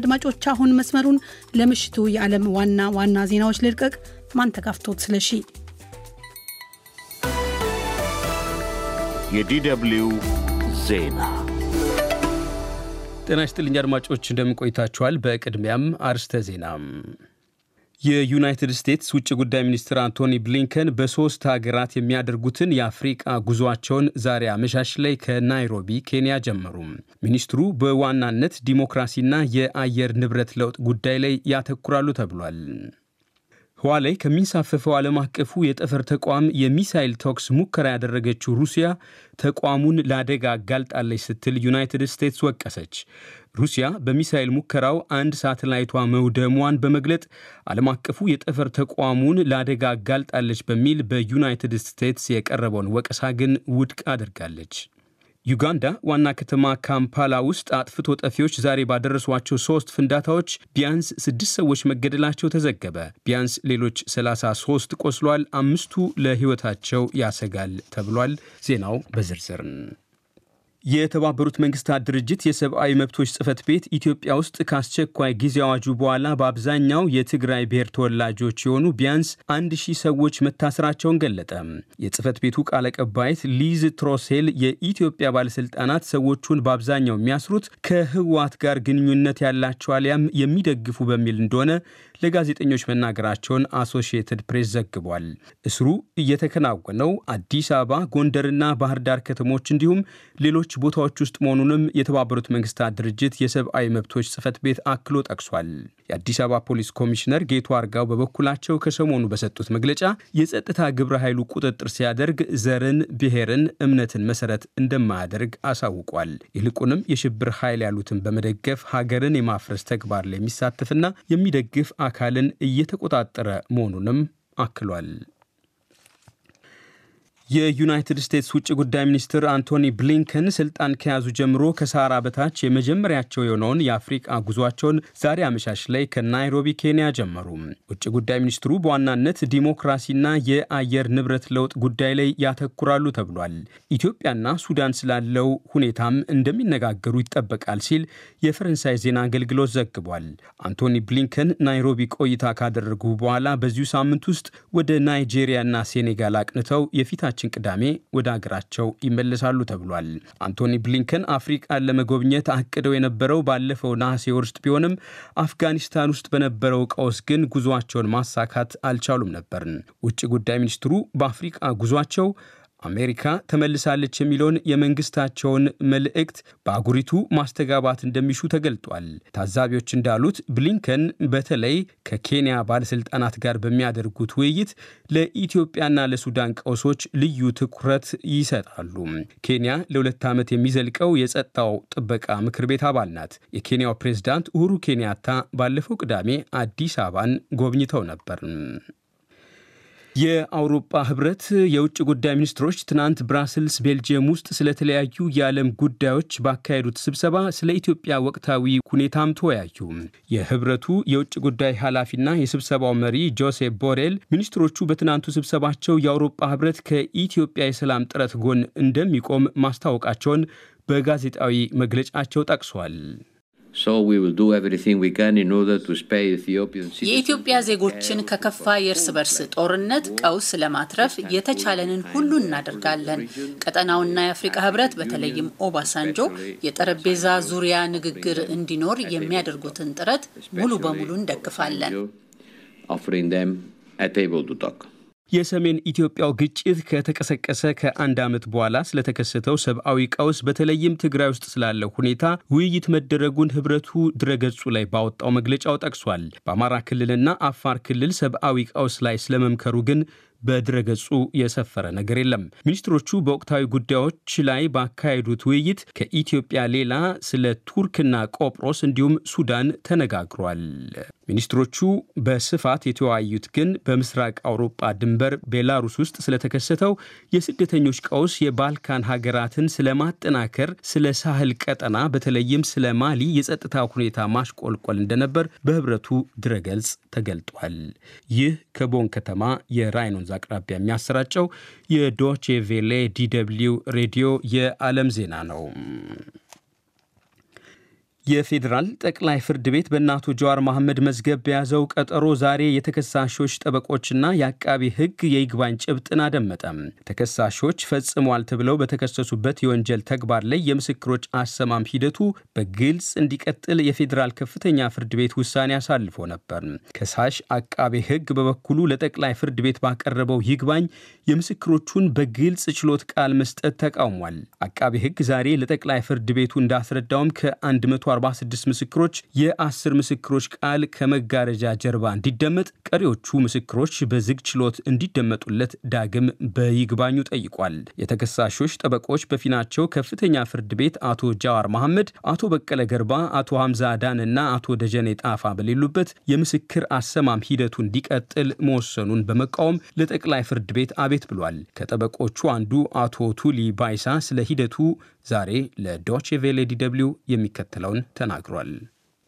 አድማጮች፣ አሁን መስመሩን ለምሽቱ የዓለም ዋና ዋና ዜናዎች ልልቀቅ። ማንተጋፍቶት ስለሺ የዲደብልዩ ዜና ጤና ይስጥልኝ አድማጮች፣ እንደምን በቅድሚያም አርስተ ዜና የዩናይትድ ስቴትስ ውጭ ጉዳይ ሚኒስትር አንቶኒ ብሊንከን በሶስት ሀገራት የሚያደርጉትን የአፍሪቃ ጉዟቸውን ዛሬ አመሻሽ ላይ ከናይሮቢ ኬንያ ጀመሩ። ሚኒስትሩ በዋናነት ዲሞክራሲና የአየር ንብረት ለውጥ ጉዳይ ላይ ያተኩራሉ ተብሏል። ህዋ ላይ ከሚንሳፈፈው ዓለም አቀፉ የጠፈር ተቋም የሚሳይል ቶክስ ሙከራ ያደረገችው ሩሲያ ተቋሙን ለአደጋ አጋልጣለች ስትል ዩናይትድ ስቴትስ ወቀሰች። ሩሲያ በሚሳይል ሙከራው አንድ ሳተላይቷ መውደሟን በመግለጥ ዓለም አቀፉ የጠፈር ተቋሙን ለአደጋ አጋልጣለች በሚል በዩናይትድ ስቴትስ የቀረበውን ወቀሳ ግን ውድቅ አድርጋለች። ዩጋንዳ ዋና ከተማ ካምፓላ ውስጥ አጥፍቶ ጠፊዎች ዛሬ ባደረሷቸው ሶስት ፍንዳታዎች ቢያንስ ስድስት ሰዎች መገደላቸው ተዘገበ። ቢያንስ ሌሎች 33 ቆስሏል። አምስቱ ለሕይወታቸው ያሰጋል ተብሏል። ዜናው በዝርዝርን የተባበሩት መንግስታት ድርጅት የሰብአዊ መብቶች ጽህፈት ቤት ኢትዮጵያ ውስጥ ከአስቸኳይ ጊዜ አዋጁ በኋላ በአብዛኛው የትግራይ ብሔር ተወላጆች የሆኑ ቢያንስ አንድ ሺህ ሰዎች መታሰራቸውን ገለጠ። የጽህፈት ቤቱ ቃል አቀባይት ሊዝ ትሮሴል የኢትዮጵያ ባለስልጣናት ሰዎቹን በአብዛኛው የሚያስሩት ከህወሓት ጋር ግንኙነት ያላቸው አሊያም የሚደግፉ በሚል እንደሆነ ለጋዜጠኞች መናገራቸውን አሶሺየትድ ፕሬስ ዘግቧል። እስሩ እየተከናወነው አዲስ አበባ፣ ጎንደርና ባህር ዳር ከተሞች እንዲሁም ሌሎች ቦታዎች ውስጥ መሆኑንም የተባበሩት መንግስታት ድርጅት የሰብአዊ መብቶች ጽህፈት ቤት አክሎ ጠቅሷል። የአዲስ አበባ ፖሊስ ኮሚሽነር ጌቱ አርጋው በበኩላቸው ከሰሞኑ በሰጡት መግለጫ የጸጥታ ግብረ ኃይሉ ቁጥጥር ሲያደርግ ዘርን፣ ብሔርን፣ እምነትን መሰረት እንደማያደርግ አሳውቋል። ይልቁንም የሽብር ኃይል ያሉትን በመደገፍ ሀገርን የማፍረስ ተግባር ላይ የሚሳተፍና የሚደግፍ አካልን እየተቆጣጠረ መሆኑንም አክሏል። የዩናይትድ ስቴትስ ውጭ ጉዳይ ሚኒስትር አንቶኒ ብሊንከን ስልጣን ከያዙ ጀምሮ ከሳራ በታች የመጀመሪያቸው የሆነውን የአፍሪቃ ጉዟቸውን ዛሬ አመሻሽ ላይ ከናይሮቢ ኬንያ ጀመሩ። ውጭ ጉዳይ ሚኒስትሩ በዋናነት ዲሞክራሲና የአየር ንብረት ለውጥ ጉዳይ ላይ ያተኩራሉ ተብሏል። ኢትዮጵያና ሱዳን ስላለው ሁኔታም እንደሚነጋገሩ ይጠበቃል ሲል የፈረንሳይ ዜና አገልግሎት ዘግቧል። አንቶኒ ብሊንከን ናይሮቢ ቆይታ ካደረጉ በኋላ በዚሁ ሳምንት ውስጥ ወደ ናይጄሪያና ሴኔጋል አቅንተው የፊታቸው የፊታችን ቅዳሜ ወደ አገራቸው ይመለሳሉ ተብሏል። አንቶኒ ብሊንከን አፍሪቃን ለመጎብኘት አቅደው የነበረው ባለፈው ነሐሴ ውስጥ ቢሆንም አፍጋኒስታን ውስጥ በነበረው ቀውስ ግን ጉዞአቸውን ማሳካት አልቻሉም ነበርን። ውጭ ጉዳይ ሚኒስትሩ በአፍሪቃ ጉዟቸው አሜሪካ ተመልሳለች የሚለውን የመንግስታቸውን መልእክት በአጉሪቱ ማስተጋባት እንደሚሹ ተገልጧል። ታዛቢዎች እንዳሉት ብሊንከን በተለይ ከኬንያ ባለሥልጣናት ጋር በሚያደርጉት ውይይት ለኢትዮጵያና ለሱዳን ቀውሶች ልዩ ትኩረት ይሰጣሉ። ኬንያ ለሁለት ዓመት የሚዘልቀው የጸጥታው ጥበቃ ምክር ቤት አባል ናት። የኬንያው ፕሬዝዳንት ኡሁሩ ኬንያታ ባለፈው ቅዳሜ አዲስ አበባን ጎብኝተው ነበር። የአውሮፓ ህብረት የውጭ ጉዳይ ሚኒስትሮች ትናንት ብራስልስ ቤልጅየም ውስጥ ስለተለያዩ የዓለም ጉዳዮች ባካሄዱት ስብሰባ ስለ ኢትዮጵያ ወቅታዊ ሁኔታም ተወያዩ። የህብረቱ የውጭ ጉዳይ ኃላፊና የስብሰባው መሪ ጆሴፕ ቦሬል ሚኒስትሮቹ በትናንቱ ስብሰባቸው የአውሮፓ ህብረት ከኢትዮጵያ የሰላም ጥረት ጎን እንደሚቆም ማስታወቃቸውን በጋዜጣዊ መግለጫቸው ጠቅሷል። የኢትዮጵያ ዜጎችን ከከፋ የእርስ በርስ ጦርነት ቀውስ ለማትረፍ የተቻለንን ሁሉ እናደርጋለን። ቀጠናውና የአፍሪቃ ህብረት በተለይም ኦባሳንጆ የጠረጴዛ ዙሪያ ንግግር እንዲኖር የሚያደርጉትን ጥረት ሙሉ በሙሉ እንደግፋለን። የሰሜን ኢትዮጵያው ግጭት ከተቀሰቀሰ ከአንድ ዓመት በኋላ ስለተከሰተው ሰብአዊ ቀውስ በተለይም ትግራይ ውስጥ ስላለው ሁኔታ ውይይት መደረጉን ህብረቱ ድረገጹ ላይ ባወጣው መግለጫው ጠቅሷል። በአማራ ክልልና አፋር ክልል ሰብአዊ ቀውስ ላይ ስለመምከሩ ግን በድረገጹ የሰፈረ ነገር የለም። ሚኒስትሮቹ በወቅታዊ ጉዳዮች ላይ ባካሄዱት ውይይት ከኢትዮጵያ ሌላ ስለ ቱርክና ቆጵሮስ እንዲሁም ሱዳን ተነጋግሯል። ሚኒስትሮቹ በስፋት የተወያዩት ግን በምስራቅ አውሮጳ ድንበር ቤላሩስ ውስጥ ስለተከሰተው የስደተኞች ቀውስ፣ የባልካን ሀገራትን ስለማጠናከር፣ ስለ ሳህል ቀጠና በተለይም ስለ ማሊ የጸጥታ ሁኔታ ማሽቆልቆል እንደነበር በህብረቱ ድረገጽ ተገልጧል። ይህ ከቦን ከተማ የራይኖን ወንዝ አቅራቢያ የሚያሰራጨው የዶቼ ቬሌ ዲ ሬዲዮ የዓለም ዜና ነው። የፌዴራል ጠቅላይ ፍርድ ቤት በእነ አቶ ጀዋር መሐመድ መዝገብ በያዘው ቀጠሮ ዛሬ የተከሳሾች ጠበቆችና የአቃቢ ሕግ የይግባኝ ጭብጥን አደመጠም። ተከሳሾች ፈጽሟል ተብለው በተከሰሱበት የወንጀል ተግባር ላይ የምስክሮች አሰማም ሂደቱ በግልጽ እንዲቀጥል የፌዴራል ከፍተኛ ፍርድ ቤት ውሳኔ አሳልፎ ነበር። ከሳሽ አቃቤ ሕግ በበኩሉ ለጠቅላይ ፍርድ ቤት ባቀረበው ይግባኝ የምስክሮቹን በግልጽ ችሎት ቃል መስጠት ተቃውሟል። አቃቢ ሕግ ዛሬ ለጠቅላይ ፍርድ ቤቱ እንዳስረዳውም ከ 46 ምስክሮች የአስር ምስክሮች ቃል ከመጋረጃ ጀርባ እንዲደመጥ፣ ቀሪዎቹ ምስክሮች በዝግ ችሎት እንዲደመጡለት ዳግም በይግባኙ ጠይቋል። የተከሳሾች ጠበቆች በፊናቸው ከፍተኛ ፍርድ ቤት አቶ ጃዋር መሐመድ፣ አቶ በቀለ ገርባ፣ አቶ ሐምዛ አዳን እና አቶ ደጀኔ ጣፋ በሌሉበት የምስክር አሰማም ሂደቱ እንዲቀጥል መወሰኑን በመቃወም ለጠቅላይ ፍርድ ቤት አቤት ብሏል። ከጠበቆቹ አንዱ አቶ ቱሊ ባይሳ ስለ ሂደቱ ዛሬ ለዶቼ ቬለ ዲ ደብልዩ የሚከተለውን ተናግሯል።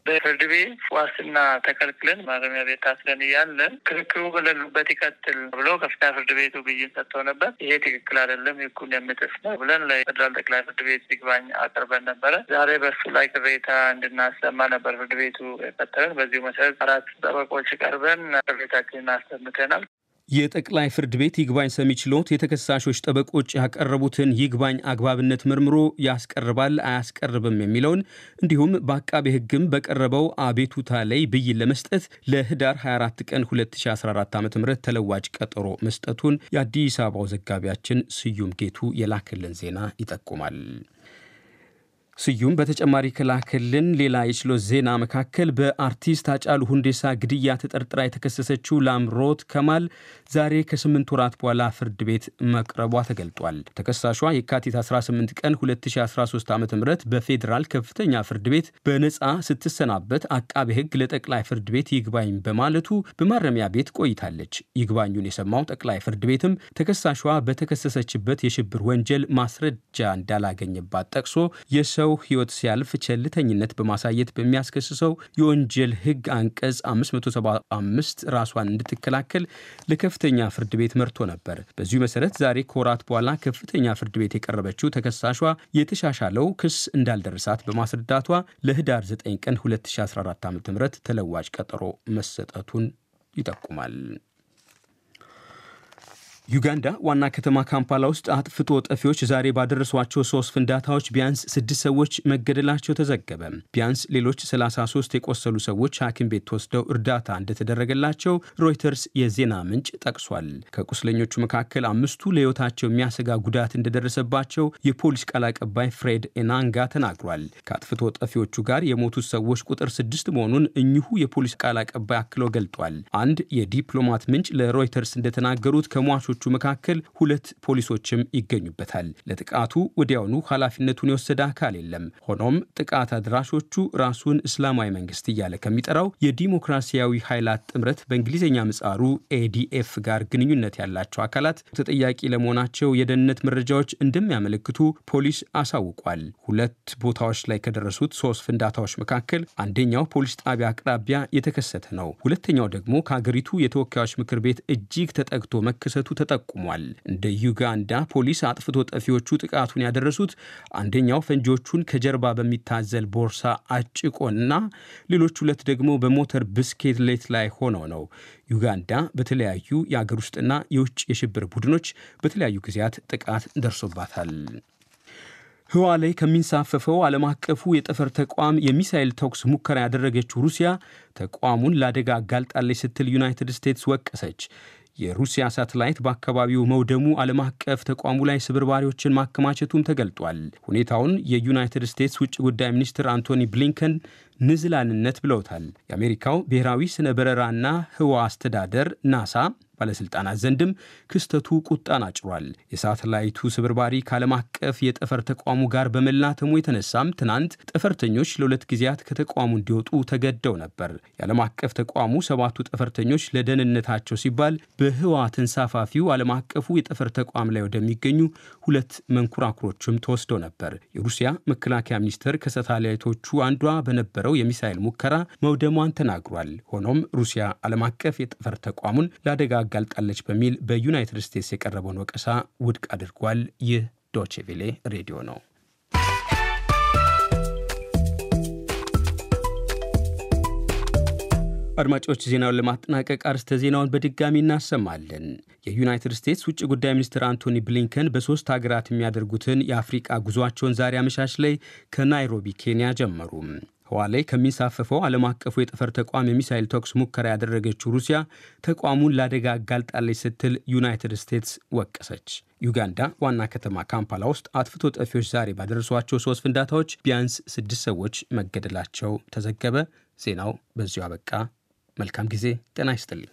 በፍርድ ቤት ዋስትና ተከልክለን ማረሚያ ቤት ታስረን እያለን ክርክሩ በሌሉበት ይቀጥል ብሎ ከፍተኛ ፍርድ ቤቱ ብይን ሰጥተው ነበር። ይሄ ትክክል አይደለም፣ ሕጉን የምጥስ ነው ብለን ለፌደራል ጠቅላይ ፍርድ ቤት ይግባኝ አቅርበን ነበረ። ዛሬ በሱ ላይ ቅሬታ እንድናሰማ ነበር ፍርድ ቤቱ የፈጠረን። በዚሁ መሰረት አራት ጠበቆች ቀርበን ቅሬታችን አሰምተናል። የጠቅላይ ፍርድ ቤት ይግባኝ ሰሚ ችሎት የተከሳሾች ጠበቆች ያቀረቡትን ይግባኝ አግባብነት መርምሮ ያስቀርባል አያስቀርብም የሚለውን እንዲሁም በአቃቤ ሕግም በቀረበው አቤቱታ ላይ ብይን ለመስጠት ለህዳር 24 ቀን 2014 ዓ ም ተለዋጭ ቀጠሮ መስጠቱን የአዲስ አበባው ዘጋቢያችን ስዩም ጌቱ የላክልን ዜና ይጠቁማል። ስዩም በተጨማሪ ከላከልን ሌላ የችሎት ዜና መካከል በአርቲስት አጫሉ ሁንዴሳ ግድያ ተጠርጥራ የተከሰሰችው ላምሮት ከማል ዛሬ ከስምንት ወራት በኋላ ፍርድ ቤት መቅረቧ ተገልጧል። ተከሳሿ የካቲት 18 ቀን 2013 ዓ ም በፌዴራል ከፍተኛ ፍርድ ቤት በነፃ ስትሰናበት አቃቤ ሕግ ለጠቅላይ ፍርድ ቤት ይግባኝ በማለቱ በማረሚያ ቤት ቆይታለች። ይግባኙን የሰማው ጠቅላይ ፍርድ ቤትም ተከሳሿ በተከሰሰችበት የሽብር ወንጀል ማስረጃ እንዳላገኝባት ጠቅሶ ሰው ህይወት ሲያልፍ ቸልተኝነት በማሳየት በሚያስከስሰው የወንጀል ህግ አንቀጽ 575 ራሷን እንድትከላከል ለከፍተኛ ፍርድ ቤት መርቶ ነበር። በዚሁ መሰረት ዛሬ ከወራት በኋላ ከፍተኛ ፍርድ ቤት የቀረበችው ተከሳሿ የተሻሻለው ክስ እንዳልደረሳት በማስረዳቷ ለህዳር 9 ቀን 2014 ዓ ም ተለዋጭ ቀጠሮ መሰጠቱን ይጠቁማል። ዩጋንዳ ዋና ከተማ ካምፓላ ውስጥ አጥፍቶ ጠፊዎች ዛሬ ባደረሷቸው ሶስት ፍንዳታዎች ቢያንስ ስድስት ሰዎች መገደላቸው ተዘገበ። ቢያንስ ሌሎች 33 የቆሰሉ ሰዎች ሐኪም ቤት ተወስደው እርዳታ እንደተደረገላቸው ሮይተርስ የዜና ምንጭ ጠቅሷል። ከቁስለኞቹ መካከል አምስቱ ለሕይወታቸው የሚያሰጋ ጉዳት እንደደረሰባቸው የፖሊስ ቃል አቀባይ ፍሬድ ኤናንጋ ተናግሯል። ከአጥፍቶ ጠፊዎቹ ጋር የሞቱት ሰዎች ቁጥር ስድስት መሆኑን እኚሁ የፖሊስ ቃል አቀባይ አክለው ገልጧል። አንድ የዲፕሎማት ምንጭ ለሮይተርስ እንደተናገሩት ከሟቹ ከሟቾቹ መካከል ሁለት ፖሊሶችም ይገኙበታል። ለጥቃቱ ወዲያውኑ ኃላፊነቱን የወሰደ አካል የለም። ሆኖም ጥቃት አድራሾቹ ራሱን እስላማዊ መንግስት እያለ ከሚጠራው የዲሞክራሲያዊ ኃይላት ጥምረት በእንግሊዝኛ ምጻሩ ኤዲኤፍ ጋር ግንኙነት ያላቸው አካላት ተጠያቂ ለመሆናቸው የደህንነት መረጃዎች እንደሚያመለክቱ ፖሊስ አሳውቋል። ሁለት ቦታዎች ላይ ከደረሱት ሶስት ፍንዳታዎች መካከል አንደኛው ፖሊስ ጣቢያ አቅራቢያ የተከሰተ ነው። ሁለተኛው ደግሞ ከሀገሪቱ የተወካዮች ምክር ቤት እጅግ ተጠግቶ መከሰቱ ተጠቁሟል። እንደ ዩጋንዳ ፖሊስ አጥፍቶ ጠፊዎቹ ጥቃቱን ያደረሱት አንደኛው ፈንጂዎቹን ከጀርባ በሚታዘል ቦርሳ አጭቆና ሌሎች ሁለት ደግሞ በሞተር ብስክሌት ላይ ሆነው ነው። ዩጋንዳ በተለያዩ የአገር ውስጥና የውጭ የሽብር ቡድኖች በተለያዩ ጊዜያት ጥቃት ደርሶባታል። ህዋ ላይ ከሚንሳፈፈው ዓለም አቀፉ የጠፈር ተቋም የሚሳይል ተኩስ ሙከራ ያደረገችው ሩሲያ ተቋሙን ለአደጋ አጋልጣለች ስትል ዩናይትድ ስቴትስ ወቀሰች። የሩሲያ ሳተላይት በአካባቢው መውደሙ ዓለም አቀፍ ተቋሙ ላይ ስብርባሪዎችን ማከማቸቱም ተገልጧል። ሁኔታውን የዩናይትድ ስቴትስ ውጭ ጉዳይ ሚኒስትር አንቶኒ ብሊንከን ንዝላልነት ብለውታል። የአሜሪካው ብሔራዊ ስነ በረራና ህዋ አስተዳደር ናሳ ባለሥልጣናት ዘንድም ክስተቱ ቁጣን አጭሯል። የሳተላይቱ ስብርባሪ ከዓለም አቀፍ የጠፈር ተቋሙ ጋር በመላተሙ የተነሳም ትናንት ጠፈርተኞች ለሁለት ጊዜያት ከተቋሙ እንዲወጡ ተገደው ነበር። የዓለም አቀፍ ተቋሙ ሰባቱ ጠፈርተኞች ለደህንነታቸው ሲባል በህዋ ተንሳፋፊው ዓለም አቀፉ የጠፈር ተቋም ላይ ወደሚገኙ ሁለት መንኮራኩሮችም ተወስደው ነበር። የሩሲያ መከላከያ ሚኒስቴር ከሳተላይቶቹ አንዷ በነበረው የሚሳይል ሙከራ መውደሟን ተናግሯል። ሆኖም ሩሲያ ዓለም አቀፍ የጠፈር ተቋሙን ለአደጋ አጋልጣለች በሚል በዩናይትድ ስቴትስ የቀረበውን ወቀሳ ውድቅ አድርጓል። ይህ ዶቼቬሌ ሬዲዮ ነው። አድማጮች ዜናውን ለማጠናቀቅ አርስተ ዜናውን በድጋሚ እናሰማለን። የዩናይትድ ስቴትስ ውጭ ጉዳይ ሚኒስትር አንቶኒ ብሊንከን በሶስት ሀገራት የሚያደርጉትን የአፍሪቃ ጉዟቸውን ዛሬ አመሻሽ ላይ ከናይሮቢ ኬንያ ጀመሩ። ላይ ከሚንሳፈፈው ዓለም አቀፉ የጠፈር ተቋም የሚሳይል ተኩስ ሙከራ ያደረገችው ሩሲያ ተቋሙን ለአደጋ አጋልጣለች ስትል ዩናይትድ ስቴትስ ወቀሰች። ዩጋንዳ ዋና ከተማ ካምፓላ ውስጥ አጥፍቶ ጠፊዎች ዛሬ ባደረሷቸው ሶስት ፍንዳታዎች ቢያንስ ስድስት ሰዎች መገደላቸው ተዘገበ። ዜናው በዚሁ አበቃ። መልካም ጊዜ። ጤና ይስጥልኝ።